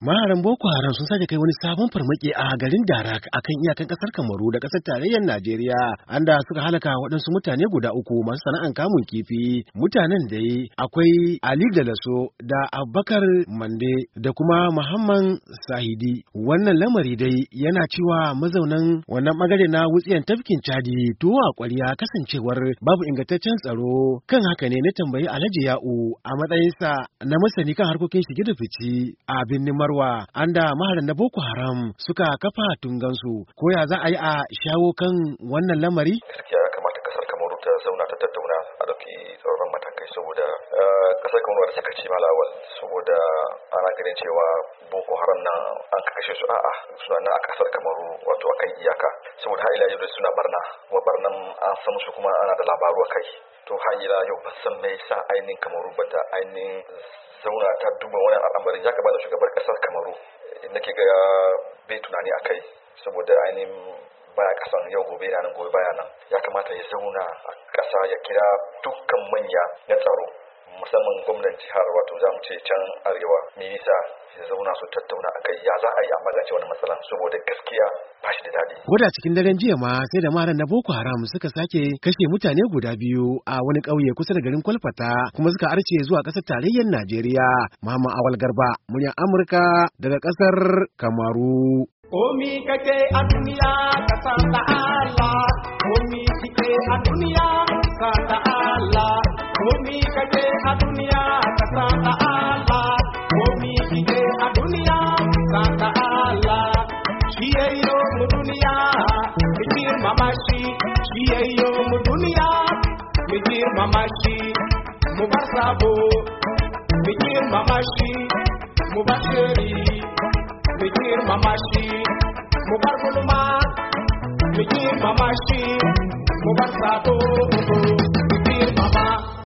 Maharan Boko Haram sun sake kai wani sabon farmaki a garin Darak a kan iyakan ƙasar Kamaru da kasar tarayyar Najeriya, An da suka halaka waɗansu mutane guda uku masu sana'an kamun kifi. Mutanen dai akwai Ali Dalaso da Abubakar Mande da kuma Muhammad Sahidi. Wannan lamari dai yana cewa mazaunan wannan magare na wutsiyan tafkin Chadi a ƙwarya kasancewar babu ingantaccen tsaro. Kan haka ne na tambayi Alhaji Ya'u a matsayinsa na masani kan harkokin shige da fici a birnin Marwa anda da maharan na Boko Haram suka kafa tungansu ko ya za a yi a shawo kan wannan lamari? Gaskiya kamata kasar Kamaru ta zauna ta tattauna a ɗauki tsoron matakai saboda eh, kasar Kamaru da sakaci malawal saboda ana ganin cewa Boko Haram na an kashe su a'a suna nan a kasar Kamaru wato a kan iyaka saboda har ila yau suna barna kuma barnan an san su kuma ana da labaru a kai to har ila yau ban san me yasa ainihin Kamaru ba ta ainihin zauna ta duba wani al'amarin ya gaba da shugabar kasar kamaru eh, ke ga bai tunani a kai saboda ainihin baya kasan yau gobe na nan gobe baya nan ya kamata ya zauna a kasa ya kira dukkan manya na tsaro musamman gwamnan jihar wato za mu ce can arewa minista ya zauna su tattauna a kai ya za a yi a magance wani matsala saboda gaskiya ba shi da daɗi. Koda cikin daren jiya ma sai da maran na Boko Haram suka sake kashe mutane guda biyu a wani ƙauye kusa da garin Kwalfata kuma suka arce zuwa ƙasar tarayyar Najeriya. Muhammad Awal Garba, muryar Amurka daga ƙasar Kamaru. Komi kake a duniya ka san da Allah, komi kike a duniya ka san da Allah. komi ka je a Allah komi ki je a Allah shi yayyo mu duniya shi shi yayyo mu duniya shi mu bar sabo shi mu bar shiri shi mu bar gulma